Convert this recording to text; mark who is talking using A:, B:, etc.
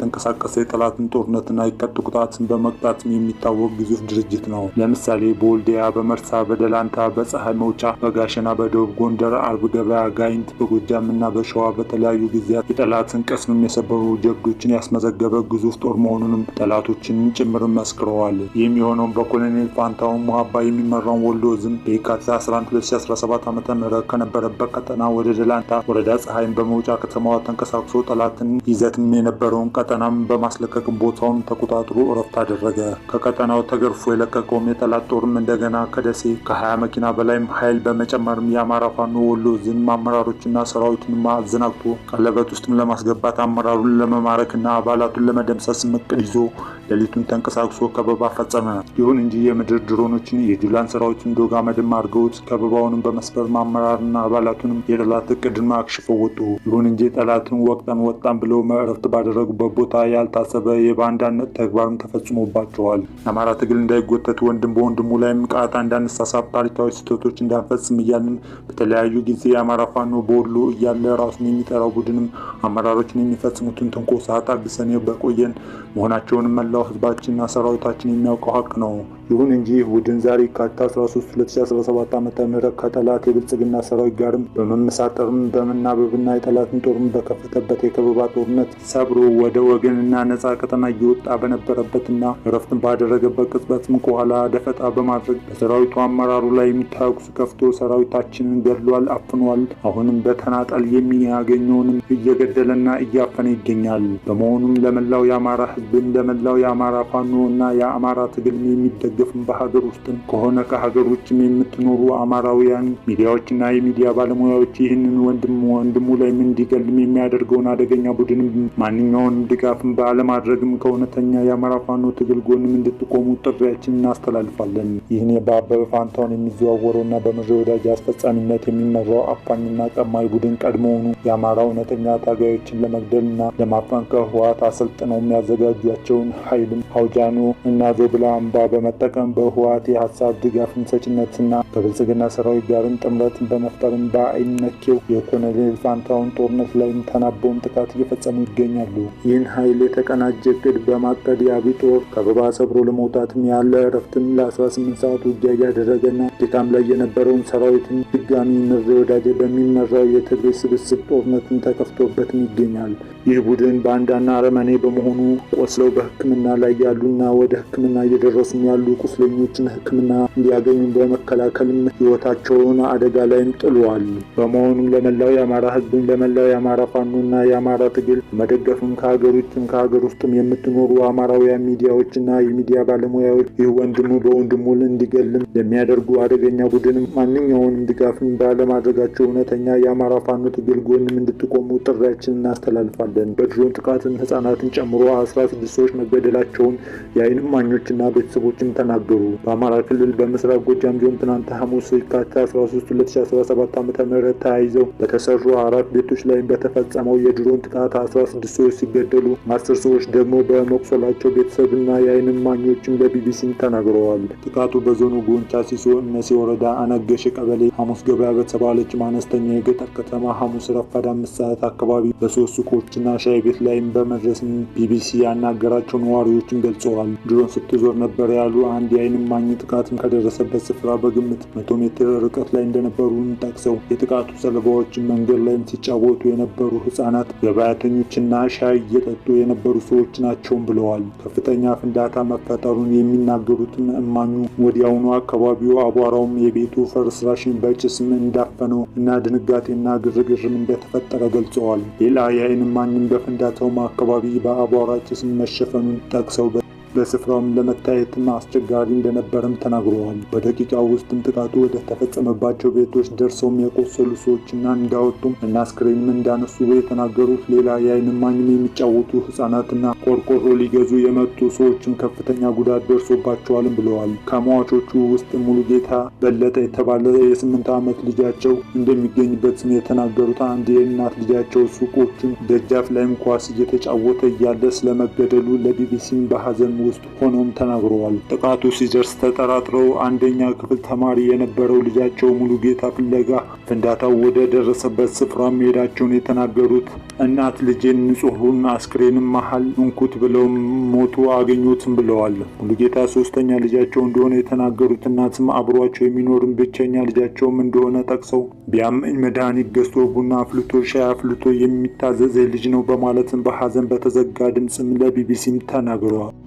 A: የተንቀሳቀሰ የጠላትን ጦርነትና የቀጥ ቁጣትን በመቅጣትም የሚታወቅ ግዙፍ ድርጅት ነው። ለምሳሌ በወልዲያ፣ በመርሳ፣ በደላንታ፣ በፀሐይ መውጫ፣ በጋሸና፣ በደቡብ ጎንደር፣ አርብ ገበያ፣ ጋይንት፣ በጎጃም እና በሸዋ በተለያዩ ጊዜያት የጠላትን ቅስምም የሰበሩ ጀብዶችን ያስመዘገበ ግዙፍ ጦር መሆኑንም ጠላቶችን ጭምር መስክረዋል። ይህም የሆነውም በኮሎኔል ፋንታውን ሙሀባ የሚመራውን ወሎ ዝም በየካቲት 11 2017 ዓ ም ከነበረበት ቀጠና ወደ ደላንታ ወረዳ ፀሐይን በመውጫ ከተማዋ ተንቀሳቅሶ ጠላትን ይዘትም የነበረውን ቀጠ ቀጠናም በማስለቀቅ ቦታውን ተቆጣጥሮ እረፍት አደረገ። ከቀጠናው ተገርፎ የለቀቀውም የጠላት ጦርም እንደገና ከደሴ ከ20 መኪና በላይም ኃይል በመጨመርም የአማራ ፋኖ ወሎ ዝም አመራሮችና ሰራዊቱንም አዘናግቶ ቀለበት ውስጥም ለማስገባት አመራሩን ለመማረክና አባላቱን ለመደምሰስ ምቅድ ይዞ ሌሊቱን ተንቀሳቅሶ ከበባ ፈጸመ። ይሁን እንጂ የምድር ድሮኖችን የጁላን ስራዎችን ዶጋ መድም አድርገውት ከበባውንም በመስበር ማመራርና አባላቱንም የጠላት እቅድና አክሽፎ ወጡ። ይሁን እንጂ ጠላትን ወቅጠን ወጣን ብለው መዕረፍት ባደረጉበት ቦታ ያልታሰበ የባንዳነት ተግባርም ተፈጽሞባቸዋል። የአማራ ትግል እንዳይጎተት ወንድም በወንድሙ ላይም ቃታ እንዳንሳሳብ፣ ታሪካዊ ስህተቶች እንዳንፈጽም እያልን በተለያዩ ጊዜ የአማራ ፋኖ በወሎ እያለ ራሱን የሚጠራው ቡድንም አመራሮችን የሚፈጽሙትን ትንኮሳ ታግሰን በቆየን መሆናቸውንም መላው መላው ህዝባችንና ሰራዊታችን የሚያውቀው ሀቅ ነው። ይሁን እንጂ ቡድን ዛሬ የካቲት 13 2017 ዓ ም ከጠላት የብልጽግና ሰራዊት ጋርም በመመሳጠርም በመናበብና የጠላትን ጦርም በከፈተበት የከበባ ጦርነት ሰብሮ ወደ ወገንና ነፃ ቀጠና እየወጣ በነበረበትና እረፍትን ባደረገበት ቅጽበትም ከኋላ ደፈጣ በማድረግ በሰራዊቱ አመራሩ ላይ የሚታወቁስ ከፍቶ ሰራዊታችንን ገድሏል፣ አፍኗል። አሁንም በተናጠል የሚያገኘውንም እየገደለና እያፈነ ይገኛል። በመሆኑም ለመላው የአማራ ህዝብ ለመላው የአማራ ፋኖ እና የአማራ ትግል የሚደገፍም በሀገር ውስጥም ከሆነ ከሀገር ውጭም የምትኖሩ አማራውያን ሚዲያዎችና የሚዲያ ባለሙያዎች ይህንን ወንድም ወንድሙ ላይም እንዲገልም የሚያደርገውን አደገኛ ቡድን ማንኛውንም ድጋፍም ባለማድረግም ከእውነተኛ የአማራ ፋኖ ትግል ጎንም እንድትቆሙ ጥሪያችን እናስተላልፋለን። ይህን በአበበ ፋንታውን የሚዘዋወረውና በምሬ ወዳጅ አስፈጻሚነት የሚመራው አፋኝና ቀማይ ቡድን ቀድሞውኑ የአማራ እውነተኛ ታጋዮችን ለመግደልና ለማፈን ከህወሓት አሰልጥነው የሚያዘጋጇቸውን ሀይ Saída. አውጃኑ እና ዜብላ አምባ በመጠቀም በህወሓት የሀሳብ ድጋፍ ሰጭነትና ከብልጽግና ሰራዊት ጋርም ጥምረት በመፍጠርም በአይነኬው የኮሎኔል ፋንታውን ጦርነት ላይም ተናበውም ጥቃት እየፈጸሙ ይገኛሉ። ይህን ኃይል የተቀናጀ እቅድ በማቀድ የአብይ ጦር ከበባ ሰብሮ ለመውጣትም ያለ እረፍትም ለ18 ሰዓት ውጊያ እያደረገና ድካም ላይ የነበረውን ሰራዊትን ድጋሚ ምሬ ወዳጄ በሚመራው የትግሬ ስብስብ ጦርነትን ተከፍቶበትም ይገኛል። ይህ ቡድን ባንዳና አረመኔ በመሆኑ ቆስለው በህክምና ላይ ያሉና ወደ ሕክምና እየደረሱም ያሉ ቁስለኞችን ሕክምና እንዲያገኙ በመከላከልም ህይወታቸውን አደጋ ላይም ጥሏል። በመሆኑም ለመላው የአማራ ህዝብን ለመላው የአማራ ፋኖና የአማራ ትግል መደገፍም ከሀገር ውጭም ከሀገር ውስጥም የምትኖሩ አማራውያን ሚዲያዎችና የሚዲያ ባለሙያዎች ይህ ወንድሙ በወንድሙ እንዲገልም የሚያደርጉ አደገኛ ቡድንም ማንኛውንም ድጋፍን ባለማድረጋቸው እውነተኛ የአማራ ፋኖ ትግል ጎንም እንድትቆሙ ጥሪያችን እናስተላልፋለን። በድሮን ጥቃትም ህጻናትን ጨምሮ አስራ ስድስት ሰዎች መገደላቸውን መሆናቸውን የአይን እማኞችና ቤተሰቦችም ተናገሩ። በአማራ ክልል በምስራቅ ጎጃም ዞን ትናንት ሐሙስ የካቲት 13 2017 ዓ ም ተያይዘው በተሰሩ አራት ቤቶች ላይ በተፈጸመው የድሮን ጥቃት 16 ሰዎች ሲገደሉ አስር ሰዎች ደግሞ በመቁሰላቸው ቤተሰብና የዓይን እማኞችም ለቢቢሲም ተናግረዋል። ጥቃቱ በዞኑ ጎንቻ ሲሶ እነሴ ወረዳ አነገሽ ቀበሌ ሐሙስ ገበያ በተባለችም አነስተኛ የገጠር ከተማ ሐሙስ ረፋድ አምስት ሰዓት አካባቢ በሶስት ሱቆችና ሻይ ቤት ላይም በመድረስ ቢቢሲ ያናገራቸው ነዋሪዎችም ገልጸዋል። ድሮ ስትዞር ነበር ያሉ አንድ የዓይን እማኝ ጥቃት ከደረሰበት ስፍራ በግምት መቶ ሜትር ርቀት ላይ እንደነበሩን ጠቅሰው የጥቃቱ ሰለባዎች መንገድ ላይም ሲጫወቱ የነበሩ ህጻናት፣ ገበያተኞችና ሻይ እየጠጡ የነበሩ ሰዎች ናቸውም ብለዋል። ከፍተኛ ፍንዳታ መፈጠሩን የሚናገሩትን እማኙ ወዲያውኑ አካባቢው አቧራውም የቤቱ ፍርስራሽን በጭስም እንዳፈነው እና ድንጋጤና ግርግርም እንደተፈጠረ ገልጸዋል። ሌላ የዓይን እማኝም በፍንዳታውም አካባቢ በአቧራ ጭስም መሸፈኑን ጠቅሰው በስፍራውም ለመታየትና አስቸጋሪ እንደነበረም ተናግረዋል። በደቂቃ ውስጥም ጥቃቱ ወደ ተፈጸመባቸው ቤቶች ደርሰውም የቆሰሉ ሰዎችና እንዳወጡም እና አስክሬንም እንዳነሱ የተናገሩት ሌላ የአይን እማኝም የሚጫወቱ ህጻናትና ቆርቆሮ ሊገዙ የመጡ ሰዎችም ከፍተኛ ጉዳት ደርሶባቸዋልም ብለዋል። ከሟቾቹ ውስጥ ጌታ በለጠ የተባለ የስምንት ዓመት ልጃቸው እንደሚገኝበት ስም የተናገሩት አንድ የእናት ልጃቸው ሱቆችን ደጃፍ ላይም ኳስ እየተጫወተ እያለ ስለመገደሉ ለቢቢሲም በሀዘን ውስጥ ሆነውም ተናግረዋል። ጥቃቱ ሲደርስ ተጠራጥረው አንደኛ ክፍል ተማሪ የነበረው ልጃቸው ሙሉ ጌታ ፍለጋ ፍንዳታው ወደ ደረሰበት ስፍራ መሄዳቸውን የተናገሩት እናት ልጄን ንጹሑን አስክሬንም መሀል እንኩት ብለው ሞቱ አገኙትም ብለዋል። ሙሉጌታ ሶስተኛ ልጃቸው እንደሆነ የተናገሩት እናትም አብሯቸው የሚኖርም ብቸኛ ልጃቸውም እንደሆነ ጠቅሰው ቢያምኝ መድኃኒት ገዝቶ ቡና አፍልቶ ሻይ አፍልቶ የሚታዘዘ ልጅ ነው በማለትም በሐዘን በተዘጋ ድምፅም ለቢቢሲም ተናግረዋል።